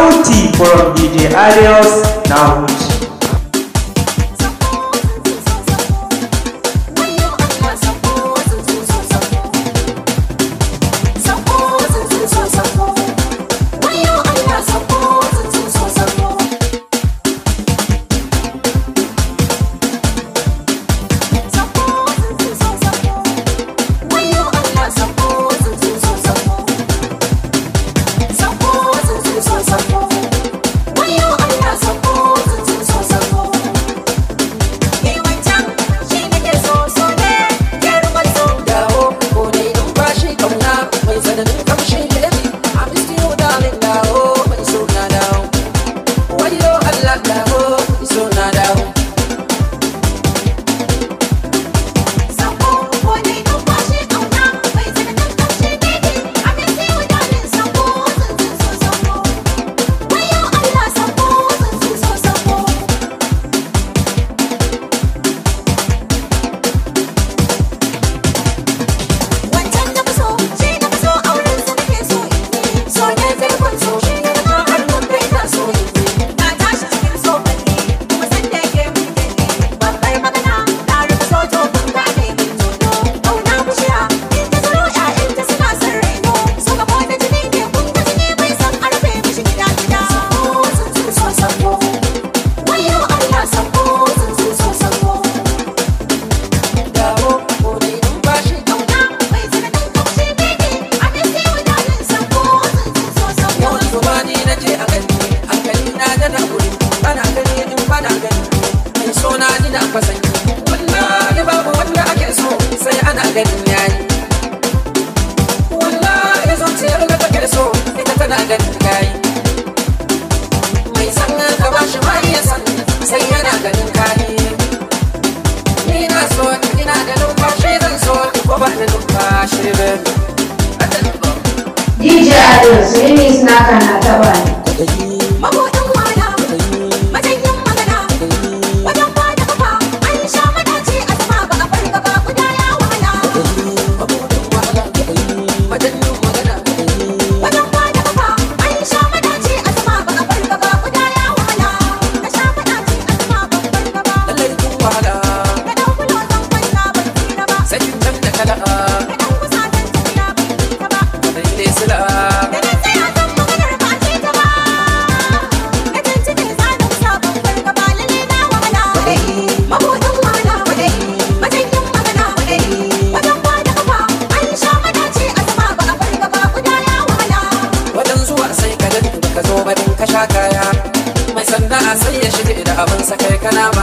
Bounty por DJ Arios. Now fasanyo wallahi babu wanda ake so sai ana ganin yayi wallahi zuciyar so ita tana ganin yayi mai san ka yana ganin kayi na da numfashi zan so ko ba da numfashi DJ na can't kana ba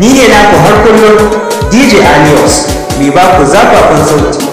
ni ne naku har kullum dj alios mai baku zafafin sauti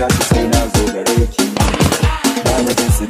shati sai na zo gare ki ba na jin su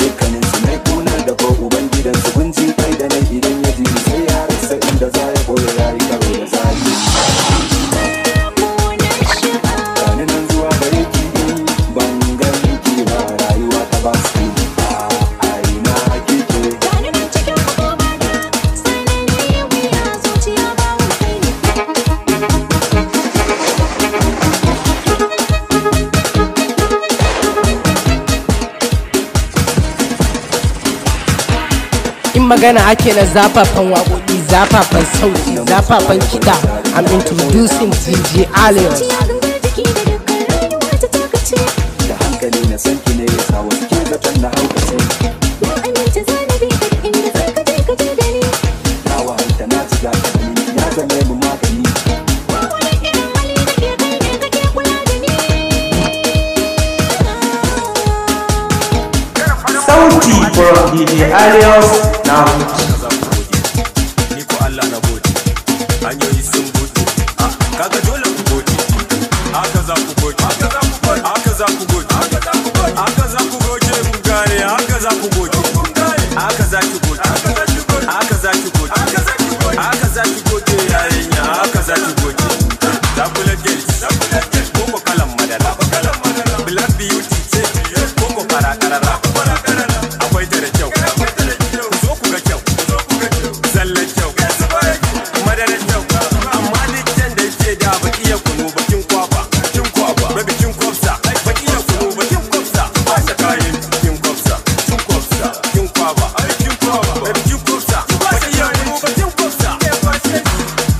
magana ake na zafafan waƙoƙi zafafan sauti zafafan kiɗa i'm introducing dj alliance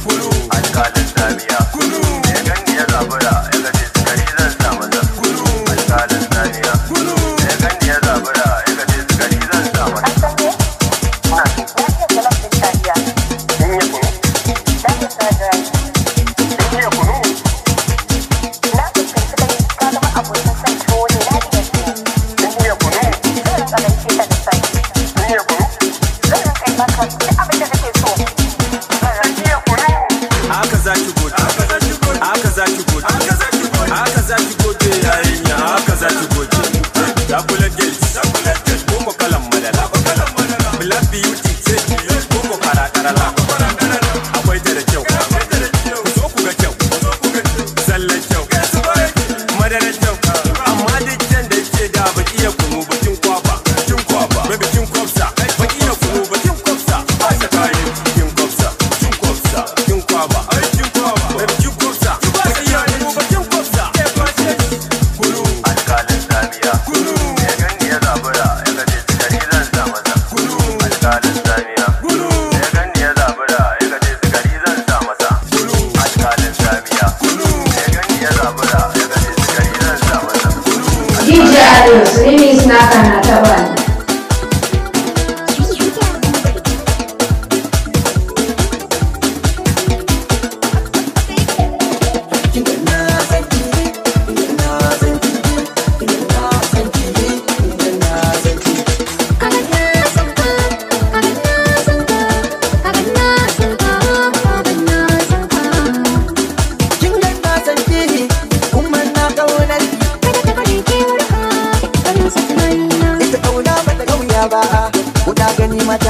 Kulu, an kadin tabiya, ne gangi ya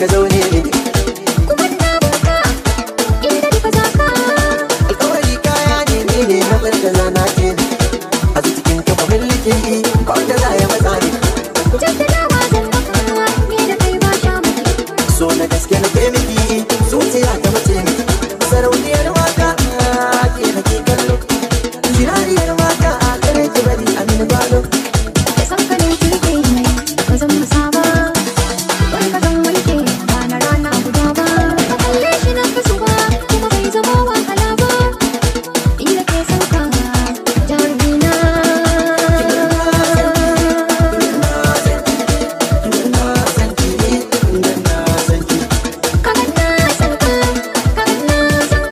Cause